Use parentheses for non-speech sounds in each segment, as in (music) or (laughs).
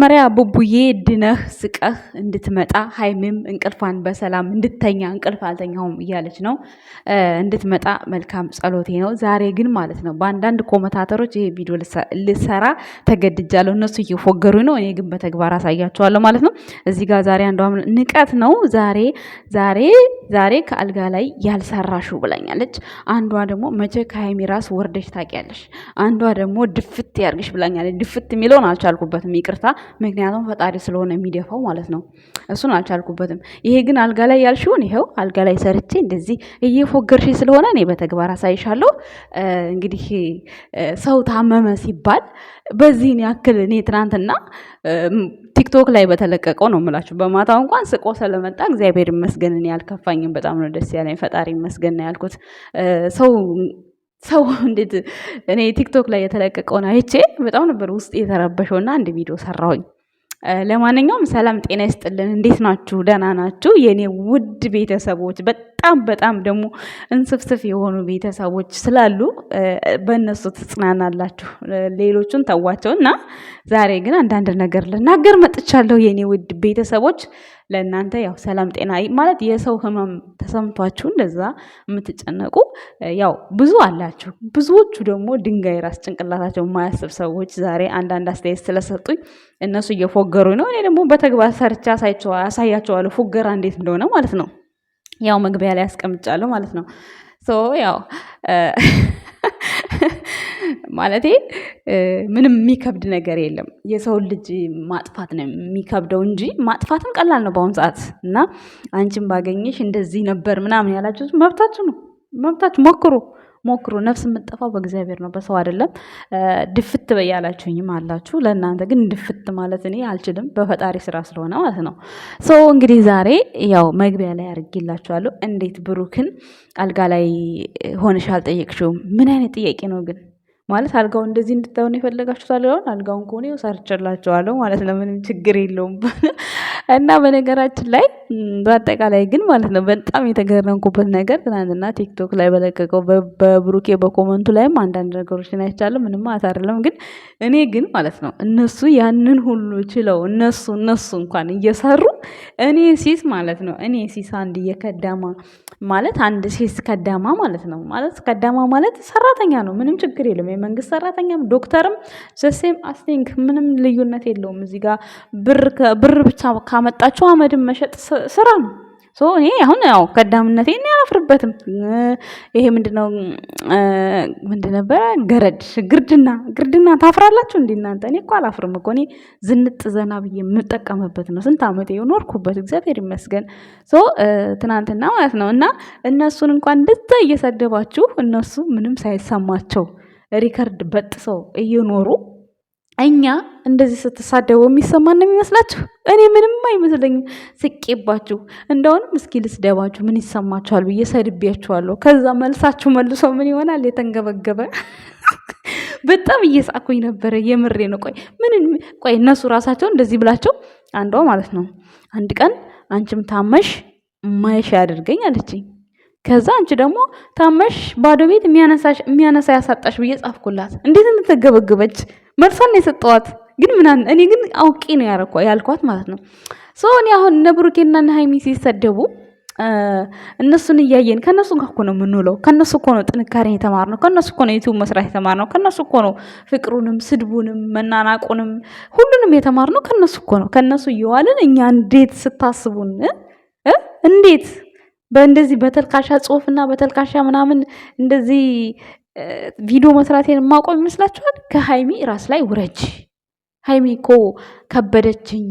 መጀመሪያ ቡቡዬ ድነህ ስቀህ እንድትመጣ ሀይሚም እንቅልፏን በሰላም እንድተኛ እንቅልፍ አልተኛውም እያለች ነው እንድትመጣ መልካም ጸሎቴ ነው። ዛሬ ግን ማለት ነው በአንዳንድ ኮመታተሮች ይሄ ቪዲዮ ልሰራ ተገድጃለሁ። እነሱ እየፎገሩ ነው፣ እኔ ግን በተግባር አሳያቸዋለሁ ማለት ነው። እዚህ ጋር ዛሬ አንዷ ንቀት ነው ዛሬ ዛሬ ዛሬ ከአልጋ ላይ ያልሰራሹ ብላኛለች። አንዷ ደግሞ መቼ ከሀይሚ ራስ ወርደሽ ታውቂያለሽ? አንዷ ደግሞ ድፍት ያርግሽ ብላኛለች። ድፍት የሚለውን አልቻልኩበትም ይቅርታ ምክንያቱም ፈጣሪ ስለሆነ የሚደፋው ማለት ነው። እሱን አልቻልኩበትም። ይሄ ግን አልጋ ላይ ያልሽውን ይኸው አልጋ ላይ ሰርቼ እንደዚህ እየፎገርሽ ስለሆነ እኔ በተግባር አሳይሻለሁ። እንግዲህ ሰው ታመመ ሲባል በዚህን ያክል እኔ ትናንትና ቲክቶክ ላይ በተለቀቀው ነው የምላችሁ። በማታው እንኳን ስቆ ስለመጣ እግዚአብሔር ይመስገን እኔ አልከፋኝም። በጣም ነው ደስ ያለኝ። ፈጣሪ ይመስገን ያልኩት ሰው ሰው (laughs) እንዴት እኔ ቲክቶክ ላይ የተለቀቀውን አይቼ በጣም ነበር ውስጥ የተረበሸው እና አንድ ቪዲዮ ሰራሁኝ። ለማንኛውም ሰላም ጤና ይስጥልን። እንዴት ናችሁ? ደህና ናችሁ? የእኔ ውድ ቤተሰቦች በጣም በጣም ደግሞ እንስፍስፍ የሆኑ ቤተሰቦች ስላሉ በእነሱ ትጽናናላችሁ። ሌሎቹን ተዋቸው እና ዛሬ ግን አንዳንድ ነገር ልናገር መጥቻለሁ። የእኔ ውድ ቤተሰቦች ለእናንተ ያው ሰላም ጤና ማለት የሰው ህመም ተሰምቷችሁ እንደዛ የምትጨነቁ ያው ብዙ አላችሁ። ብዙዎቹ ደግሞ ድንጋይ ራስ ጭንቅላታቸው የማያስብ ሰዎች ዛሬ አንዳንድ አስተያየት ስለሰጡኝ እነሱ እየፎገሩ ነው። እኔ ደግሞ በተግባር ሰርቻ አሳያቸዋለሁ ፎገራ እንዴት እንደሆነ ማለት ነው። ያው መግቢያ ላይ ያስቀምጫለሁ ማለት ነው። ያው (laughs) ማለቴ ምንም የሚከብድ ነገር የለም። የሰውን ልጅ ማጥፋት ነው የሚከብደው እንጂ ማጥፋትም ቀላል ነው በአሁኑ ሰዓት። እና አንቺን ባገኘሽ እንደዚህ ነበር ምናምን ያላችሁ መብታችሁ ነው፣ መብታችሁ ሞክሩ። ሞክሩ። ነፍስ የምጠፋው በእግዚአብሔር ነው፣ በሰው አይደለም። ድፍት በያላችሁኝም አላችሁ። ለእናንተ ግን ድፍት ማለት እኔ አልችልም፣ በፈጣሪ ስራ ስለሆነ ማለት ነው። እንግዲህ ዛሬ ያው መግቢያ ላይ አድርጌላችኋለሁ። እንዴት ብሩክን አልጋ ላይ ሆነሽ አልጠየቅሽውም? ምን አይነት ጥያቄ ነው ግን ማለት አልጋው እንደዚህ እንድታሆን ነው የፈለጋችሁት አልጋውን አልጋውን ከሆነ ሰርቼላችኋለሁ ማለት ነው። ምንም ችግር የለውም። (laughs) እና በነገራችን ላይ በአጠቃላይ ግን ማለት ነው በጣም የተገረምኩበት ነገር ትናንትና ቲክቶክ ላይ በለቀቀው በብሩኬ በኮመንቱ ላይም አንዳንድ ነገሮችን አይቻልም። ምንም አታርለም። ግን እኔ ግን ማለት ነው እነሱ ያንን ሁሉ ችለው እነሱ እነሱ እንኳን እየሰሩ እኔ ሲስ ማለት ነው እኔ ሲስ አንድ የከዳማ ማለት አንድ ሲስ ከዳማ ማለት ነው ማለት ከዳማ ማለት ሰራተኛ ነው። ምንም ችግር የለም። የመንግስት ሰራተኛም ዶክተርም ዘሴም አስቲንክ ምንም ልዩነት የለውም። እዚህ ጋር ብር ብቻ ካመጣችሁ አመድን መሸጥ ስራ ነው። እኔ አሁን ያው ቀዳምነቴ ይህን አላፍርበትም። ይሄ ምንድነው ምንድ ነበረ ገረድ ግርድና ግርድና ታፍራላችሁ እንዲ እናንተ። እኔ እኮ አላፍርም እኮ እኔ ዝንጥ ዘና ብዬ የምጠቀምበት ነው። ስንት ዓመት ኖርኩበት፣ እግዚአብሔር ይመስገን። ትናንትና ማለት ነው እና እነሱን እንኳን እንደዛ እየሰደባችሁ እነሱ ምንም ሳይሰማቸው ሪከርድ በጥሰው እየኖሩ እኛ እንደዚህ ስትሳደቡ የሚሰማን ነው የሚመስላችሁ? እኔ ምንም አይመስለኝም። ስቄባችሁ እንደውንም እስኪ ልስደባችሁ ምን ይሰማችኋል ብዬ ሰድቤያችኋለሁ። ከዛ መልሳችሁ መልሶ ምን ይሆናል? የተንገበገበ (laughs) በጣም እየሳኩኝ ነበረ። የምሬ ነው። ቆይ ምን ቆይ እነሱ ራሳቸው እንደዚህ ብላቸው አንዷ ማለት ነው አንድ ቀን አንቺም ታመሽ ማየሽ ያደርገኝ አለችኝ። ከዛ አንቺ ደግሞ ታመሽ ባዶ ቤት የሚያነሳ ያሳጣሽ ብዬ ጻፍኩላት። እንዴት እንደተገበገበች መልሷን የሰጠዋት ግን ምናን እኔ ግን አውቄ ነው ያልኳት ማለት ነው። ሰው እኔ አሁን እነ ብሩኬና እነ ሀይሚ ሲሰደቡ እነሱን እያየን ከእነሱ ጋር እኮ ነው የምንውለው። ከእነሱ እኮ ነው ጥንካሬን የተማርነው። ከእነሱ እኮ ነው ዩቱብ መስራት የተማርነው። ከእነሱ እኮ ነው ፍቅሩንም፣ ስድቡንም፣ መናናቁንም ሁሉንም የተማርነው ከእነሱ እኮ ነው። ከእነሱ እየዋልን እኛ እንዴት ስታስቡን እንዴት በእንደዚህ በተልካሻ ጽሁፍና በተልካሻ ምናምን እንደዚህ ቪዲዮ መስራቴን የማቆም ይመስላችኋል? ከሀይሚ ራስ ላይ ውረጅ። ሀይሚ እኮ ከበደችኝ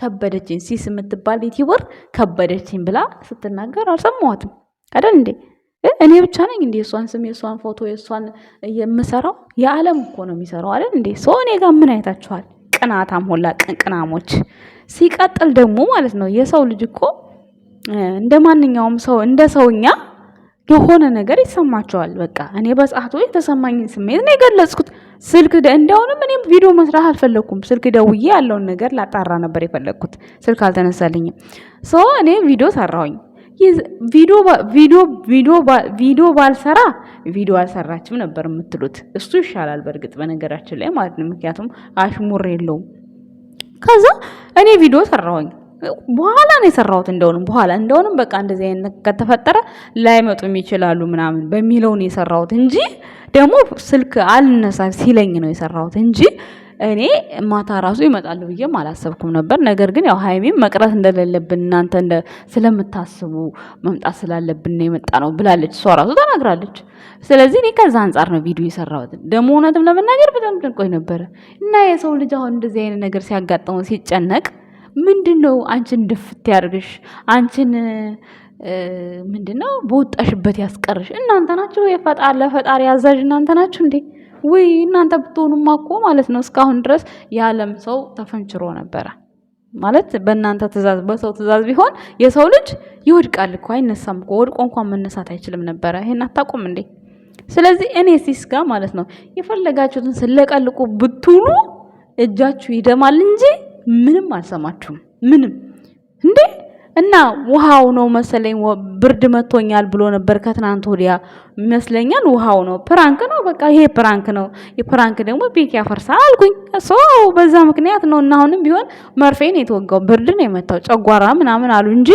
ከበደችኝ ሲስ የምትባል ዩቲዩበር ከበደችኝ ብላ ስትናገር አልሰማዋትም። አይደል እንዴ? እኔ ብቻ ነኝ እንዴ የእሷን ስም የእሷን ፎቶ የእሷን የምሰራው? የዓለም እኮ ነው የሚሰራው አይደል እንዴ? ሰው እኔ ጋር ምን አይታችኋል? ቅናታም ሁላ ቅንቅናሞች። ሲቀጥል ደግሞ ማለት ነው የሰው ልጅ እኮ እንደ ማንኛውም ሰው እንደ ሰውኛ የሆነ ነገር ይሰማቸዋል። በቃ እኔ በሰዓቱ የተሰማኝን ስሜት ነው የገለጽኩት። ስልክ እንዲያውም እኔም ቪዲዮ መስራት አልፈለግኩም። ስልክ ደውዬ ያለውን ነገር ላጣራ ነበር የፈለግኩት። ስልክ አልተነሳልኝም። ሶ እኔ ቪዲዮ ሰራሁኝ። ቪዲዮ ባልሰራ ቪዲዮ አልሰራችም ነበር የምትሉት እሱ ይሻላል። በእርግጥ በነገራችን ላይ ማለት ነው። ምክንያቱም አሽሙር የለውም። ከዛ እኔ ቪዲዮ ሰራሁኝ በኋላ ነው የሰራሁት። እንደውንም በኋላ እንደውንም በቃ እንደዚህ አይነት ከተፈጠረ ላይመጡም ይችላሉ ምናምን በሚለው ነው የሰራሁት እንጂ ደግሞ ስልክ አልነሳ ሲለኝ ነው የሰራሁት እንጂ እኔ ማታ ራሱ ይመጣሉ ብዬም አላሰብኩም ነበር። ነገር ግን ያው ሀይሜም መቅረት እንደሌለብን እናንተ ስለምታስቡ መምጣት ስላለብን የመጣ ነው ብላለች፣ እሷ ራሱ ተናግራለች። ስለዚህ እኔ ከዛ አንጻር ነው ቪዲዮ የሰራሁት። ደግሞ እውነትም ለመናገር በጣም ጭንቆኝ ነበረ እና የሰው ልጅ አሁን እንደዚህ አይነት ነገር ሲያጋጥመው ሲጨነቅ ምንድን ነው አንቺን ድፍት ያደርግሽ አንቺን ምንድን ነው በወጣሽበት ያስቀርሽ? እናንተ ናችሁ ለፈጣሪ አዛዥ እናንተ ናችሁ እንዴ? ውይ እናንተ ብትሆኑማ እኮ ማለት ነው እስካሁን ድረስ የዓለም ሰው ተፈንችሮ ነበረ ማለት በእናንተ ትእዛዝ በሰው ትእዛዝ ቢሆን የሰው ልጅ ይወድቃል እኮ አይነሳም እኮ ወድቆ እንኳን መነሳት አይችልም ነበረ። ይሄን አታውቁም እንዴ? ስለዚህ እኔ ሲስ ጋር ማለት ነው የፈለጋችሁትን ስለቀልቁ ብትሉ እጃችሁ ይደማል እንጂ ምንም አልሰማችሁም። ምንም እንዴ! እና ውሃው ነው መሰለኝ ብርድ መቶኛል ብሎ ነበር ከትናንት ወዲያ ይመስለኛል። ውሃው ነው ፕራንክ ነው በቃ ይሄ ፕራንክ ነው። የፕራንክ ደግሞ ቤት ያፈርሳል አልኩኝ። ሰው በዛ ምክንያት ነው እና አሁንም ቢሆን መርፌን የተወጋው ብርድ ነው የመታው ጨጓራ ምናምን አሉ እንጂ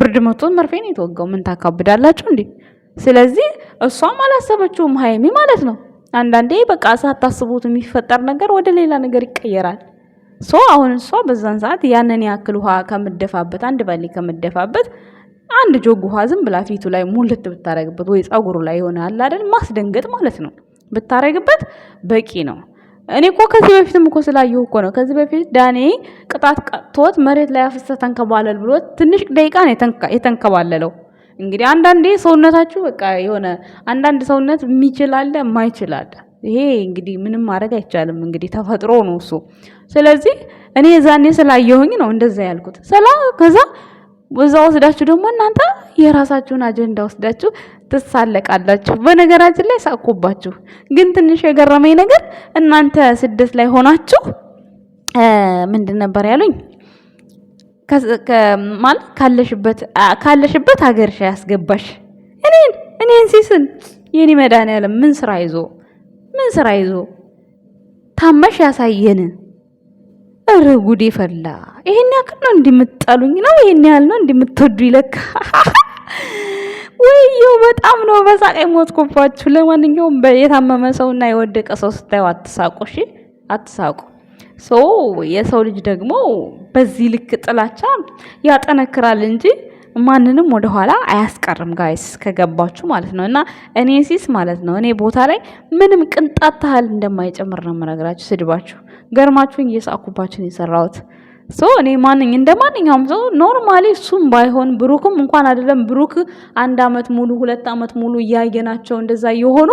ብርድ መቶት መርፌን የተወጋው ምን ታካብዳላችሁ እንዴ? ስለዚህ እሷም አላሰበችውም ሀይሚ ማለት ነው። አንዳንዴ በቃ ሳታስቡት የሚፈጠር ነገር ወደ ሌላ ነገር ይቀየራል። ሶ አሁን እሷ በዛን ሰዓት ያንን ያክል ውሃ ከምደፋበት አንድ ባሌ ከምደፋበት አንድ ጆግ ውሃ ዝም ብላ ፊቱ ላይ ሙልት ብታረግበት ወይ ጸጉሩ ላይ ይሆናል አይደል ማስደንገጥ ማለት ነው ብታረግበት በቂ ነው። እኔ እኮ ከዚህ በፊትም እኮ ስላየሁ እኮ ነው። ከዚህ በፊት ዳኔ ቅጣት ቀጥቶት መሬት ላይ አፍሰህ ተንከባለል ብሎ ትንሽ ደቂቃ ነው የተንከባለለው። እንግዲህ አንዳንዴ ሰውነታችሁ በቃ የሆነ አንዳንድ ሰውነት የሚችል አለ፣ የማይችል አለ። ይሄ እንግዲህ ምንም ማድረግ አይቻልም። እንግዲህ ተፈጥሮ ነው እሱ። ስለዚህ እኔ የዛኔ ስላየሁኝ ነው እንደዛ ያልኩት። ሰላ ከዛ እዛ ወስዳችሁ ደግሞ እናንተ የራሳችሁን አጀንዳ ወስዳችሁ ትሳለቃላችሁ። በነገራችን ላይ ሳቁባችሁ። ግን ትንሽ የገረመኝ ነገር እናንተ ስደት ላይ ሆናችሁ ምንድን ነበር ያሉኝ? ማለት ካለሽበት ሀገርሽ ያስገባሽ እኔን እኔን ሲስን የኔ መድኃኒዓለም ምን ስራ ይዞ ምን ስራ ይዞ ታመሽ ያሳየን። እረ ጉዴ ፈላ። ይሄን ያክል ነው እንደምትጠሉኝ ነው? ይሄን ያህል ነው እንደምትወዱ ይለካ። (laughs) ወይዬው በጣም ነው በሳቅ ሞትኩባችሁ። ለማንኛውም የታመመ እና የወደቀ ሰው ስታዩ አትሳቁ፣ እሺ አትሳቁ። ሶ የሰው ልጅ ደግሞ በዚህ ልክ ጥላቻ ያጠነክራል እንጂ ማንንም ወደኋላ አያስቀርም ጋይስ ከገባችሁ ማለት ነው። እና እኔ ሲስ ማለት ነው እኔ ቦታ ላይ ምንም ቅንጣት ታህል እንደማይጨምር ነው የምነግራችሁ። ስድባችሁ ገርማችሁን እየሳኩባችሁን የሰራሁት ሶ እኔ ማንኝ እንደ ማንኛውም ሰው ኖርማሊ እሱም ባይሆን ብሩክም እንኳን አይደለም ብሩክ አንድ አመት ሙሉ ሁለት አመት ሙሉ እያየናቸው እንደዛ የሆኑ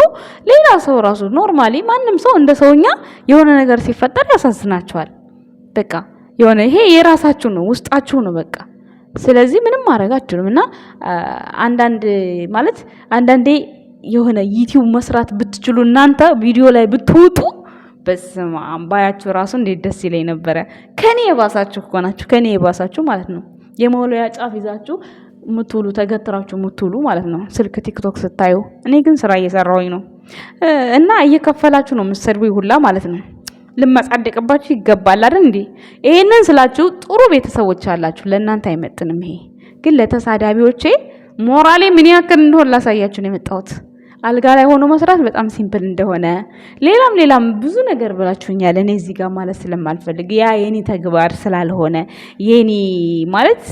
ሌላ ሰው ራሱ ኖርማሊ ማንም ሰው እንደ ሰውኛ የሆነ ነገር ሲፈጠር ያሳዝናቸዋል። በቃ የሆነ ይሄ የራሳችሁ ነው ውስጣችሁ ነው በቃ ስለዚህ ምንም ማድረግ አትችሉም። እና አንዳንድ ማለት አንዳንዴ የሆነ ዩቲዩብ መስራት ብትችሉ እናንተ ቪዲዮ ላይ ብትወጡ በስመ አብ ባያችሁ እንዴት ደስ ይለኝ ነበረ። ከኔ የባሳችሁ እኮ ናችሁ፣ ከኔ የባሳችሁ ማለት ነው። የመወለያ ጫፍ ይዛችሁ ምትውሉ ተገትራችሁ ምትውሉ ማለት ነው። ስልክ ቲክቶክ ስታዩ። እኔ ግን ስራ እየሰራሁኝ ነው እና እየከፈላችሁ ነው ምሰድቡ ሁላ ማለት ነው። ልማጻደቅባችሁ ይገባል አይደል እንዴ? ይሄንን ስላችሁ ጥሩ ቤተሰቦች አላችሁ። ለእናንተ አይመጥንም። ይሄ ግን ለተሳዳቢዎቼ ሞራሌ ምን ያክል እንደሆነ ላሳያችሁ ነው የመጣሁት። አልጋ ላይ ሆኖ መስራት በጣም ሲምፕል እንደሆነ ሌላም ሌላም ብዙ ነገር ብላችሁኛል። እኔ እዚህ ጋር ማለት ስለማልፈልግ ያ የኔ ተግባር ስላልሆነ የኔ ማለት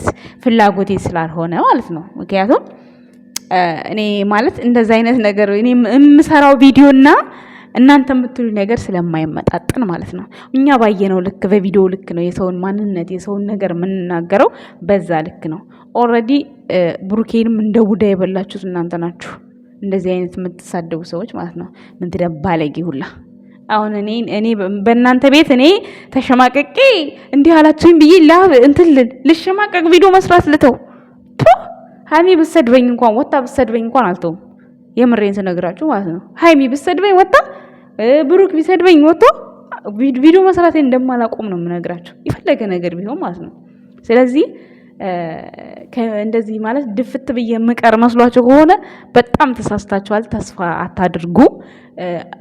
ፍላጎቴ ስላልሆነ ማለት ነው። ምክንያቱም እኔ ማለት እንደዚ አይነት ነገር እኔ የምሰራው ቪዲዮና እናንተ የምትሉ ነገር ስለማይመጣጥን ማለት ነው። እኛ ባየነው ልክ በቪዲዮ ልክ ነው የሰውን ማንነት የሰውን ነገር የምንናገረው በዛ ልክ ነው። ኦልሬዲ ብሩኬንም እንደ ቡዳ የበላችሁት እናንተ ናችሁ። እንደዚህ አይነት የምትሳደቡ ሰዎች ማለት ነው። ምን ትደባለጊ ሁላ አሁን እኔ እኔ በእናንተ ቤት እኔ ተሸማቀቄ እንዲህ አላችሁኝ ብዬ ላ እንትልል ልሸማቀቅ ቪዲዮ መስራት ልተው ሀሚ ብሰድበኝ እንኳን ወታ ብሰድበኝ እንኳን አልተውም። የምሬን ስነግራችሁ ማለት ነው። ሀይሚ ብሰድበኝ ወጣ ብሩክ ቢሰድበኝ ወጥቶ ቪዲዮ መስራቴን እንደማላቆም ነው የምነግራቸው የፈለገ ነገር ቢሆን ማለት ነው። ስለዚህ እንደዚህ ማለት ድፍት ብዬ የምቀር መስሏቸው ከሆነ በጣም ተሳስታችኋል። ተስፋ አታድርጉ።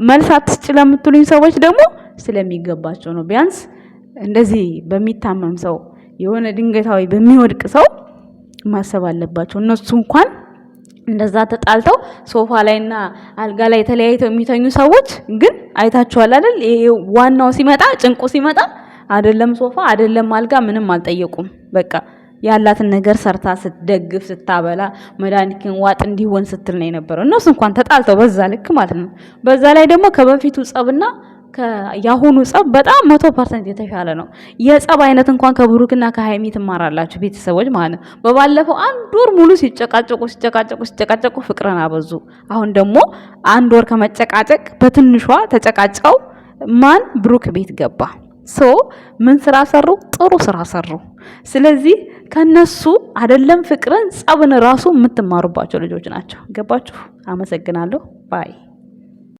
መልስ አትስጭ ለምትሉኝ ሰዎች ደግሞ ስለሚገባቸው ነው። ቢያንስ እንደዚህ በሚታመም ሰው የሆነ ድንገታዊ በሚወድቅ ሰው ማሰብ አለባቸው እነሱ እንኳን እንደዛ ተጣልተው ሶፋ ላይና አልጋ ላይ ተለያይተው የሚተኙ ሰዎች ግን አይታችኋል አይደል? ዋናው ሲመጣ ጭንቁ ሲመጣ አይደለም ሶፋ አይደለም አልጋ ምንም አልጠየቁም። በቃ ያላትን ነገር ሰርታ ስትደግፍ ስታበላ መድኃኒትን ዋጥ እንዲሆን ስትል ነው የነበረው። እነሱ እንኳን ተጣልተው በዛ ልክ ማለት ነው። በዛ ላይ ደግሞ ከበፊቱ ጸብና ያሁኑ ጸብ በጣም መቶ ፐርሰንት የተሻለ ነው። የጸብ አይነት እንኳን ከብሩክና ከሀይሚ ትማራላችሁ ቤተሰቦች ማለት ነው። በባለፈው አንድ ወር ሙሉ ሲጨቃጨቁ ሲጨቃጨቁ ሲጨቃጨቁ ፍቅርን አበዙ። አሁን ደግሞ አንድ ወር ከመጨቃጨቅ በትንሿ ተጨቃጭቀው ማን ብሩክ ቤት ገባ። ሶ ምን ስራ ሰሩ? ጥሩ ስራ ሰሩ። ስለዚህ ከነሱ አይደለም ፍቅርን ጸብን ራሱ የምትማሩባቸው ልጆች ናቸው። ገባችሁ? አመሰግናለሁ ባይ